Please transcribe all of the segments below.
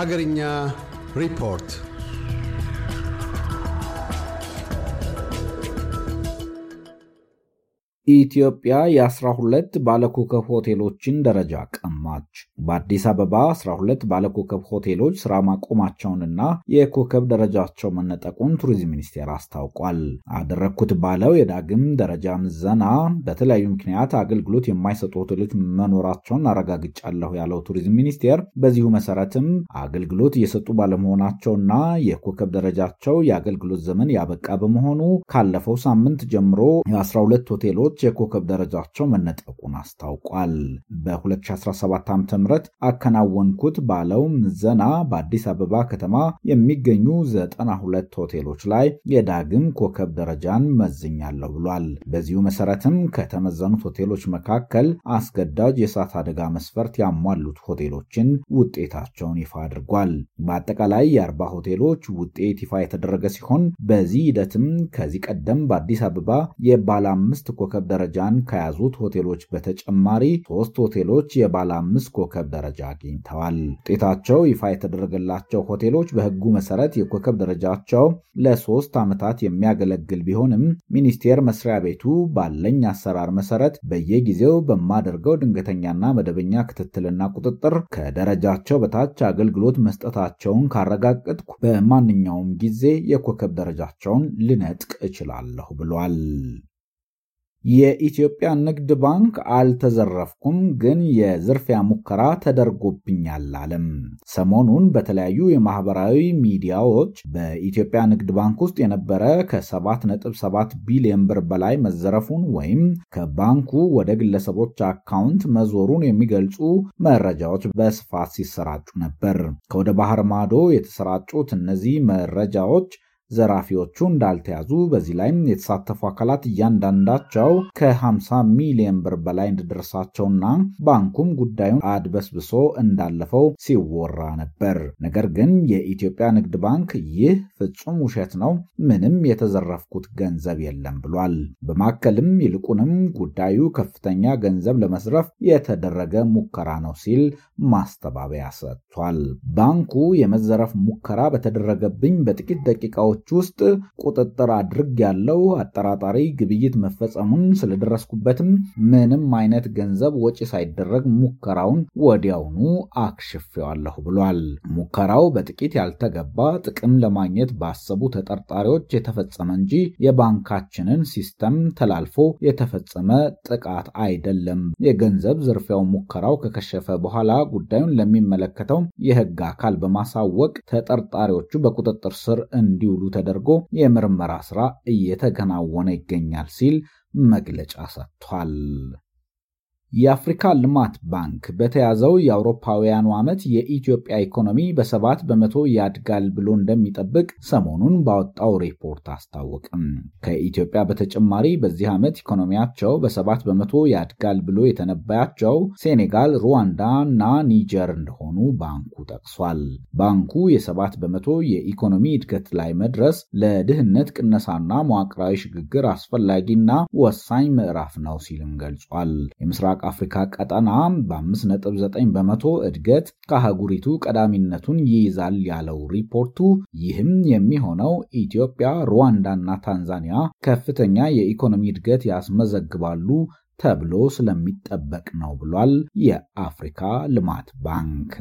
ሀገርኛ ሪፖርት ኢትዮጵያ የ12 ባለኮከብ ሆቴሎችን ደረጃ ቀም ተሰማች። በአዲስ አበባ 12 ባለኮከብ ሆቴሎች ስራ ማቆማቸውንና የኮከብ ደረጃቸው መነጠቁን ቱሪዝም ሚኒስቴር አስታውቋል። አደረግኩት ባለው የዳግም ደረጃ ምዘና በተለያዩ ምክንያት አገልግሎት የማይሰጡ ሆቴሎች መኖራቸውን አረጋግጫለሁ ያለው ቱሪዝም ሚኒስቴር በዚሁ መሰረትም አገልግሎት እየሰጡ ባለመሆናቸውና የኮከብ ደረጃቸው የአገልግሎት ዘመን ያበቃ በመሆኑ ካለፈው ሳምንት ጀምሮ የ12 ሆቴሎች የኮከብ ደረጃቸው መነጠቁን አስታውቋል። በ2017 2014 ዓ.ም አከናወንኩት ባለው ምዘና በአዲስ አበባ ከተማ የሚገኙ 92 ሆቴሎች ላይ የዳግም ኮከብ ደረጃን መዝኛለሁ ብሏል። በዚሁ መሰረትም ከተመዘኑት ሆቴሎች መካከል አስገዳጅ የእሳት አደጋ መስፈርት ያሟሉት ሆቴሎችን ውጤታቸውን ይፋ አድርጓል። በአጠቃላይ የአርባ ሆቴሎች ውጤት ይፋ የተደረገ ሲሆን በዚህ ሂደትም ከዚህ ቀደም በአዲስ አበባ የባለ አምስት ኮከብ ደረጃን ከያዙት ሆቴሎች በተጨማሪ ሶስት ሆቴሎች የባለ አምስት ኮከብ ደረጃ አግኝተዋል። ውጤታቸው ይፋ የተደረገላቸው ሆቴሎች በህጉ መሰረት የኮከብ ደረጃቸው ለሶስት ዓመታት የሚያገለግል ቢሆንም ሚኒስቴር መስሪያ ቤቱ ባለኝ አሰራር መሰረት በየጊዜው በማደርገው ድንገተኛና መደበኛ ክትትልና ቁጥጥር ከደረጃቸው በታች አገልግሎት መስጠታቸውን ካረጋገጥኩ በማንኛውም ጊዜ የኮከብ ደረጃቸውን ልነጥቅ እችላለሁ ብሏል። የኢትዮጵያ ንግድ ባንክ አልተዘረፍኩም፣ ግን የዝርፊያ ሙከራ ተደርጎብኛል አለም። ሰሞኑን በተለያዩ የማህበራዊ ሚዲያዎች በኢትዮጵያ ንግድ ባንክ ውስጥ የነበረ ከ7.7 ቢሊዮን ብር በላይ መዘረፉን ወይም ከባንኩ ወደ ግለሰቦች አካውንት መዞሩን የሚገልጹ መረጃዎች በስፋት ሲሰራጩ ነበር። ከወደ ባህር ማዶ የተሰራጩት እነዚህ መረጃዎች ዘራፊዎቹ እንዳልተያዙ በዚህ ላይም የተሳተፉ አካላት እያንዳንዳቸው ከ50 ሚሊዮን ብር በላይ እንደደረሳቸውና ባንኩም ጉዳዩን አድበስብሶ እንዳለፈው ሲወራ ነበር። ነገር ግን የኢትዮጵያ ንግድ ባንክ ይህ ፍጹም ውሸት ነው፣ ምንም የተዘረፍኩት ገንዘብ የለም ብሏል። በማከልም ይልቁንም ጉዳዩ ከፍተኛ ገንዘብ ለመስረፍ የተደረገ ሙከራ ነው ሲል ማስተባበያ ሰጥቷል። ባንኩ የመዘረፍ ሙከራ በተደረገብኝ በጥቂት ደቂቃዎች ቦታዎች ውስጥ ቁጥጥር አድርግ ያለው አጠራጣሪ ግብይት መፈጸሙን ስለደረስኩበትም ምንም አይነት ገንዘብ ወጪ ሳይደረግ ሙከራውን ወዲያውኑ አክሽፌዋለሁ ብሏል። ሙከራው በጥቂት ያልተገባ ጥቅም ለማግኘት ባሰቡ ተጠርጣሪዎች የተፈጸመ እንጂ የባንካችንን ሲስተም ተላልፎ የተፈጸመ ጥቃት አይደለም። የገንዘብ ዝርፊያው ሙከራው ከከሸፈ በኋላ ጉዳዩን ለሚመለከተው የሕግ አካል በማሳወቅ ተጠርጣሪዎቹ በቁጥጥር ስር እንዲውሉ ተደርጎ የምርመራ ስራ እየተከናወነ ይገኛል ሲል መግለጫ ሰጥቷል። የአፍሪካ ልማት ባንክ በተያዘው የአውሮፓውያኑ ዓመት የኢትዮጵያ ኢኮኖሚ በሰባት በመቶ ያድጋል ብሎ እንደሚጠብቅ ሰሞኑን ባወጣው ሪፖርት አስታወቅም። ከኢትዮጵያ በተጨማሪ በዚህ ዓመት ኢኮኖሚያቸው በሰባት በመቶ ያድጋል ብሎ የተነበያቸው ሴኔጋል፣ ሩዋንዳ እና ኒጀር እንደሆኑ ባንኩ ጠቅሷል። ባንኩ የሰባት በመቶ የኢኮኖሚ እድገት ላይ መድረስ ለድህነት ቅነሳና መዋቅራዊ ሽግግር አስፈላጊና ወሳኝ ምዕራፍ ነው ሲልም ገልጿል። የምስራቅ የምስራቅ አፍሪካ ቀጠና በ5.9 በመቶ እድገት ከአህጉሪቱ ቀዳሚነቱን ይይዛል ያለው ሪፖርቱ ይህም የሚሆነው ኢትዮጵያ፣ ሩዋንዳና ታንዛኒያ ከፍተኛ የኢኮኖሚ እድገት ያስመዘግባሉ ተብሎ ስለሚጠበቅ ነው ብሏል የአፍሪካ ልማት ባንክ።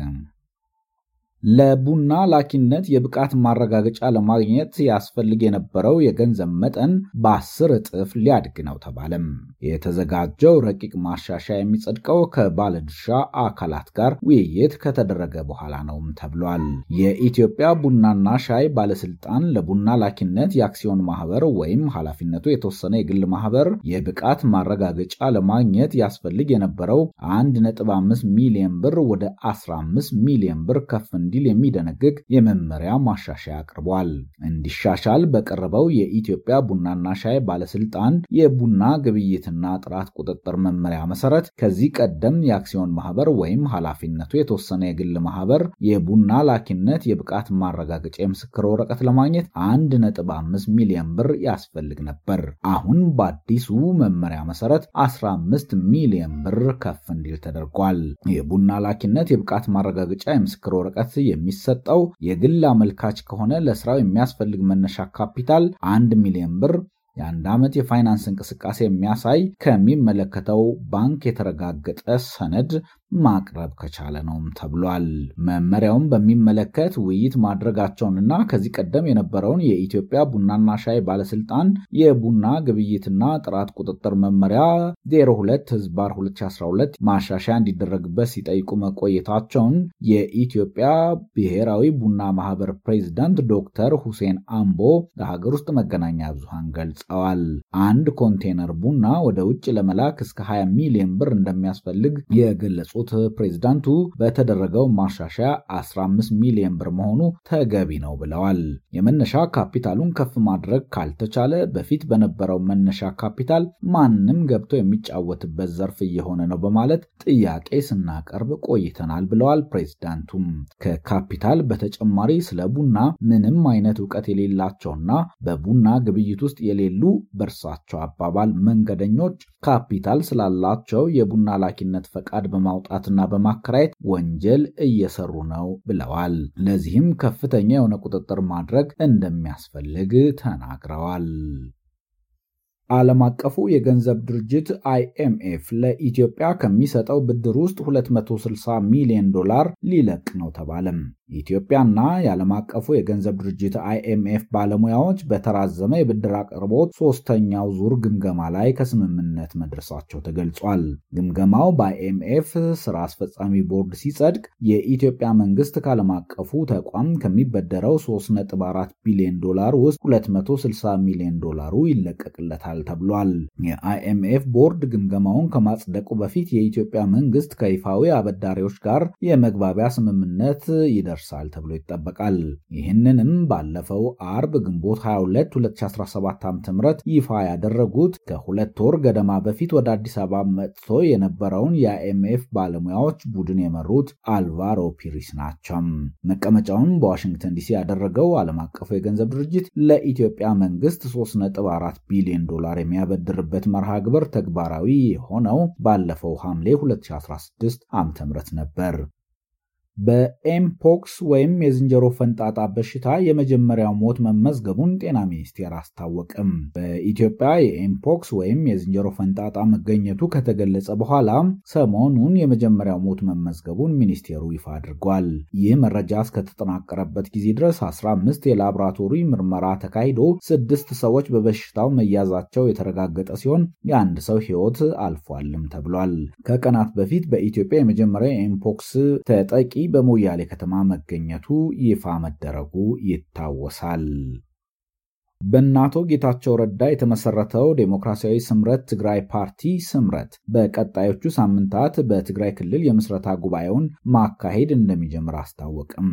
ለቡና ላኪነት የብቃት ማረጋገጫ ለማግኘት ያስፈልግ የነበረው የገንዘብ መጠን በአስር እጥፍ ሊያድግ ነው ተባለም። የተዘጋጀው ረቂቅ ማሻሻያ የሚጸድቀው ከባለድርሻ አካላት ጋር ውይይት ከተደረገ በኋላ ነውም ተብሏል። የኢትዮጵያ ቡናና ሻይ ባለስልጣን ለቡና ላኪነት የአክሲዮን ማህበር ወይም ኃላፊነቱ የተወሰነ የግል ማህበር የብቃት ማረጋገጫ ለማግኘት ያስፈልግ የነበረው 1.5 ሚሊዮን ብር ወደ 15 ሚሊዮን ብር ከፍ እንዲል የሚደነግግ የመመሪያ ማሻሻያ አቅርቧል። እንዲሻሻል በቀረበው የኢትዮጵያ ቡናና ሻይ ባለስልጣን የቡና ግብይትና ጥራት ቁጥጥር መመሪያ መሰረት ከዚህ ቀደም የአክሲዮን ማህበር ወይም ኃላፊነቱ የተወሰነ የግል ማህበር የቡና ላኪነት የብቃት ማረጋገጫ የምስክር ወረቀት ለማግኘት 1.5 ሚሊዮን ብር ያስፈልግ ነበር። አሁን በአዲሱ መመሪያ መሰረት 15 ሚሊዮን ብር ከፍ እንዲል ተደርጓል። የቡና ላኪነት የብቃት ማረጋገጫ የምስክር ወረቀት የሚሰጠው የግል አመልካች ከሆነ ለስራው የሚያስፈልግ መነሻ ካፒታል አንድ ሚሊዮን ብር የአንድ ዓመት የፋይናንስ እንቅስቃሴ የሚያሳይ ከሚመለከተው ባንክ የተረጋገጠ ሰነድ ማቅረብ ከቻለ ነውም ተብሏል። መመሪያውን በሚመለከት ውይይት ማድረጋቸውንና ከዚህ ቀደም የነበረውን የኢትዮጵያ ቡናና ሻይ ባለስልጣን የቡና ግብይትና ጥራት ቁጥጥር መመሪያ 02 ህዝባር 2012 ማሻሻያ እንዲደረግበት ሲጠይቁ መቆየታቸውን የኢትዮጵያ ብሔራዊ ቡና ማህበር ፕሬዚዳንት ዶክተር ሁሴን አምቦ ለሀገር ውስጥ መገናኛ ብዙሃን ገልጸዋል። አንድ ኮንቴነር ቡና ወደ ውጭ ለመላክ እስከ 20 ሚሊዮን ብር እንደሚያስፈልግ የገለጹ የገለጹት ፕሬዝዳንቱ በተደረገው ማሻሻያ 15 ሚሊዮን ብር መሆኑ ተገቢ ነው ብለዋል። የመነሻ ካፒታሉን ከፍ ማድረግ ካልተቻለ በፊት በነበረው መነሻ ካፒታል ማንም ገብቶ የሚጫወትበት ዘርፍ እየሆነ ነው በማለት ጥያቄ ስናቀርብ ቆይተናል ብለዋል። ፕሬዝዳንቱም ከካፒታል በተጨማሪ ስለ ቡና ምንም አይነት እውቀት የሌላቸውና በቡና ግብይት ውስጥ የሌሉ በእርሳቸው አባባል መንገደኞች ካፒታል ስላላቸው የቡና ላኪነት ፈቃድ በማውጣትና በማከራየት ወንጀል እየሰሩ ነው ብለዋል። ለዚህም ከፍተኛ የሆነ ቁጥጥር ማድረግ እንደሚያስፈልግ ተናግረዋል። ዓለም አቀፉ የገንዘብ ድርጅት አይኤምኤፍ ለኢትዮጵያ ከሚሰጠው ብድር ውስጥ 260 ሚሊዮን ዶላር ሊለቅ ነው ተባለም። የኢትዮጵያና የዓለም አቀፉ የገንዘብ ድርጅት አይኤምኤፍ ባለሙያዎች በተራዘመ የብድር አቅርቦት ሶስተኛው ዙር ግምገማ ላይ ከስምምነት መድረሳቸው ተገልጿል። ግምገማው በአይኤምኤፍ ስራ አስፈጻሚ ቦርድ ሲጸድቅ የኢትዮጵያ መንግስት ከዓለም አቀፉ ተቋም ከሚበደረው 3.4 ቢሊዮን ዶላር ውስጥ 260 ሚሊዮን ዶላሩ ይለቀቅለታል ተብሏል። የአይኤምኤፍ ቦርድ ግምገማውን ከማጽደቁ በፊት የኢትዮጵያ መንግስት ከይፋዊ አበዳሪዎች ጋር የመግባቢያ ስምምነት ይደርሳል ይደርሳል ተብሎ ይጠበቃል። ይህንንም ባለፈው አርብ ግንቦት 22 2017 ዓ ም ይፋ ያደረጉት ከሁለት ወር ገደማ በፊት ወደ አዲስ አበባ መጥቶ የነበረውን የአይኤምኤፍ ባለሙያዎች ቡድን የመሩት አልቫሮ ፒሪስ ናቸው። መቀመጫውን በዋሽንግተን ዲሲ ያደረገው ዓለም አቀፉ የገንዘብ ድርጅት ለኢትዮጵያ መንግስት 3.4 ቢሊዮን ዶላር የሚያበድርበት መርሃ ግብር ተግባራዊ የሆነው ባለፈው ሐምሌ 2016 ዓ.ም ነበር። በኤምፖክስ ወይም የዝንጀሮ ፈንጣጣ በሽታ የመጀመሪያው ሞት መመዝገቡን ጤና ሚኒስቴር አስታወቅም። በኢትዮጵያ የኤምፖክስ ወይም የዝንጀሮ ፈንጣጣ መገኘቱ ከተገለጸ በኋላ ሰሞኑን የመጀመሪያው ሞት መመዝገቡን ሚኒስቴሩ ይፋ አድርጓል። ይህ መረጃ እስከተጠናቀረበት ጊዜ ድረስ 15 የላቦራቶሪ ምርመራ ተካሂዶ ስድስት ሰዎች በበሽታው መያዛቸው የተረጋገጠ ሲሆን የአንድ ሰው ሕይወት አልፏልም ተብሏል። ከቀናት በፊት በኢትዮጵያ የመጀመሪያው የኤምፖክስ ተጠቂ በሞያሌ ከተማ መገኘቱ ይፋ መደረጉ ይታወሳል። በናቶ ጌታቸው ረዳ የተመሰረተው ዴሞክራሲያዊ ስምረት ትግራይ ፓርቲ ስምረት በቀጣዮቹ ሳምንታት በትግራይ ክልል የምስረታ ጉባኤውን ማካሄድ እንደሚጀምር አስታወቅም።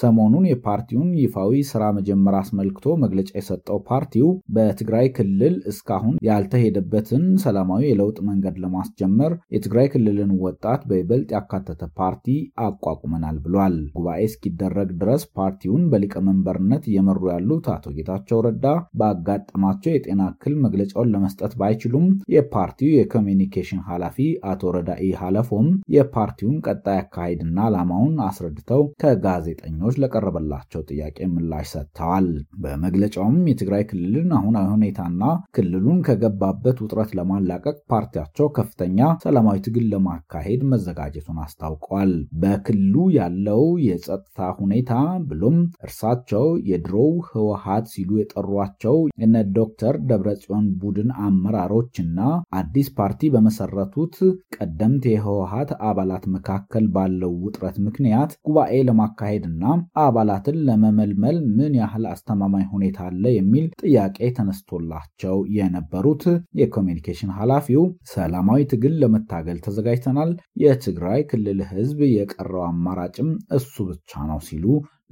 ሰሞኑን የፓርቲውን ይፋዊ ስራ መጀመር አስመልክቶ መግለጫ የሰጠው ፓርቲው በትግራይ ክልል እስካሁን ያልተሄደበትን ሰላማዊ የለውጥ መንገድ ለማስጀመር የትግራይ ክልልን ወጣት በይበልጥ ያካተተ ፓርቲ አቋቁመናል ብሏል። ጉባኤ እስኪደረግ ድረስ ፓርቲውን በሊቀመንበርነት እየመሩ ያሉት አቶ ጌታቸው ረዳ ባጋጠማቸው የጤና እክል መግለጫውን ለመስጠት ባይችሉም የፓርቲው የኮሚኒኬሽን ኃላፊ አቶ ረዳኢ ሀለፎም የፓርቲውን ቀጣይ አካሄድና ዓላማውን አስረድተው ከጋዜጠኞች ለቀረበላቸው ጥያቄ ምላሽ ሰጥተዋል። በመግለጫውም የትግራይ ክልልን አሁናዊ ሁኔታና ክልሉን ከገባበት ውጥረት ለማላቀቅ ፓርቲያቸው ከፍተኛ ሰላማዊ ትግል ለማካሄድ መዘጋጀቱን አስታውቋል። በክልሉ ያለው የጸጥታ ሁኔታ ብሎም እርሳቸው የድሮው ህወሀት ሲሉ የጠሯ ያቀረቧቸው እነ ዶክተር ደብረጽዮን ቡድን አመራሮችና አዲስ ፓርቲ በመሰረቱት ቀደምት የህወሀት አባላት መካከል ባለው ውጥረት ምክንያት ጉባኤ ለማካሄድና አባላትን ለመመልመል ምን ያህል አስተማማኝ ሁኔታ አለ የሚል ጥያቄ ተነስቶላቸው የነበሩት የኮሚኒኬሽን ኃላፊው ሰላማዊ ትግል ለመታገል ተዘጋጅተናል፣ የትግራይ ክልል ህዝብ የቀረው አማራጭም እሱ ብቻ ነው ሲሉ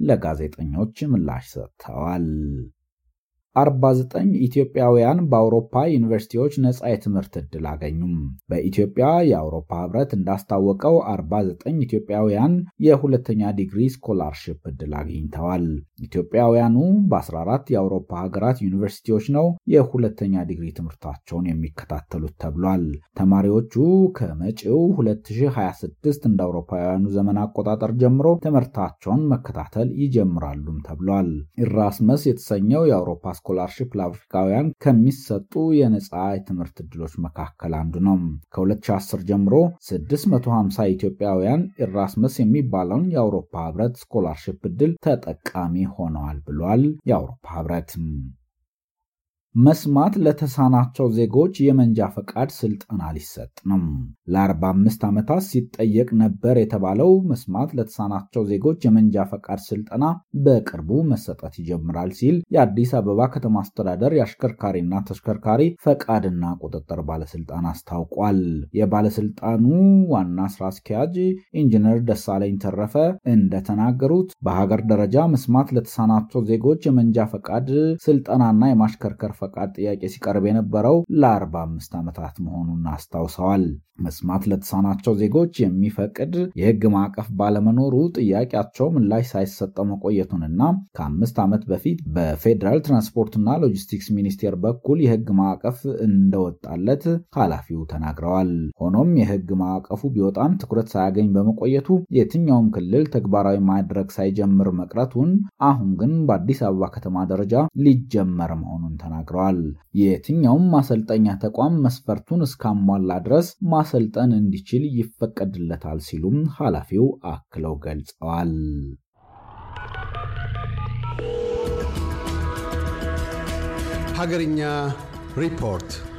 ለጋዜጠኞች ምላሽ ሰጥተዋል። 49 ኢትዮጵያውያን በአውሮፓ ዩኒቨርሲቲዎች ነጻ የትምህርት ዕድል አገኙም። በኢትዮጵያ የአውሮፓ ህብረት እንዳስታወቀው 49 ኢትዮጵያውያን የሁለተኛ ዲግሪ ስኮላርሽፕ ዕድል አግኝተዋል። ኢትዮጵያውያኑ በ14 የአውሮፓ ሀገራት ዩኒቨርሲቲዎች ነው የሁለተኛ ዲግሪ ትምህርታቸውን የሚከታተሉት ተብሏል። ተማሪዎቹ ከመጪው 2026 እንደ አውሮፓውያኑ ዘመን አቆጣጠር ጀምሮ ትምህርታቸውን መከታተል ይጀምራሉም ተብሏል። ኢራስመስ የተሰኘው የአውሮፓ ስኮላርሺፕ ለአፍሪካውያን ከሚሰጡ የነፃ የትምህርት እድሎች መካከል አንዱ ነው። ከ2010 ጀምሮ 650 ኢትዮጵያውያን ኢራስመስ የሚባለውን የአውሮፓ ህብረት ስኮላርሺፕ እድል ተጠቃሚ ሆነዋል ብሏል የአውሮፓ ህብረት። መስማት ለተሳናቸው ዜጎች የመንጃ ፈቃድ ስልጠና ሊሰጥ ነው። ለ45 ዓመታት ሲጠየቅ ነበር የተባለው መስማት ለተሳናቸው ዜጎች የመንጃ ፈቃድ ስልጠና በቅርቡ መሰጠት ይጀምራል ሲል የአዲስ አበባ ከተማ አስተዳደር የአሽከርካሪና ተሽከርካሪ ፈቃድና ቁጥጥር ባለስልጣን አስታውቋል። የባለስልጣኑ ዋና ስራ አስኪያጅ ኢንጂነር ደሳለኝ ተረፈ እንደተናገሩት በሀገር ደረጃ መስማት ለተሳናቸው ዜጎች የመንጃ ፈቃድ ስልጠናና የማሽከርከር ፈቃድ ጥያቄ ሲቀርብ የነበረው ለ45 ዓመታት መሆኑን አስታውሰዋል። መስማት ለተሳናቸው ዜጎች የሚፈቅድ የህግ ማዕቀፍ ባለመኖሩ ጥያቄያቸው ምላሽ ሳይሰጠው መቆየቱንና ከአምስት ዓመት በፊት በፌዴራል ትራንስፖርትና ሎጂስቲክስ ሚኒስቴር በኩል የህግ ማዕቀፍ እንደወጣለት ኃላፊው ተናግረዋል። ሆኖም የህግ ማዕቀፉ ቢወጣም ትኩረት ሳያገኝ በመቆየቱ የትኛውም ክልል ተግባራዊ ማድረግ ሳይጀምር መቅረቱን፣ አሁን ግን በአዲስ አበባ ከተማ ደረጃ ሊጀመር መሆኑን ተናግረዋል። ተናግረዋል። የትኛውም ማሰልጠኛ ተቋም መስፈርቱን እስካሟላ ድረስ ማሰልጠን እንዲችል ይፈቀድለታል ሲሉም ኃላፊው አክለው ገልጸዋል። ሀገርኛ ሪፖርት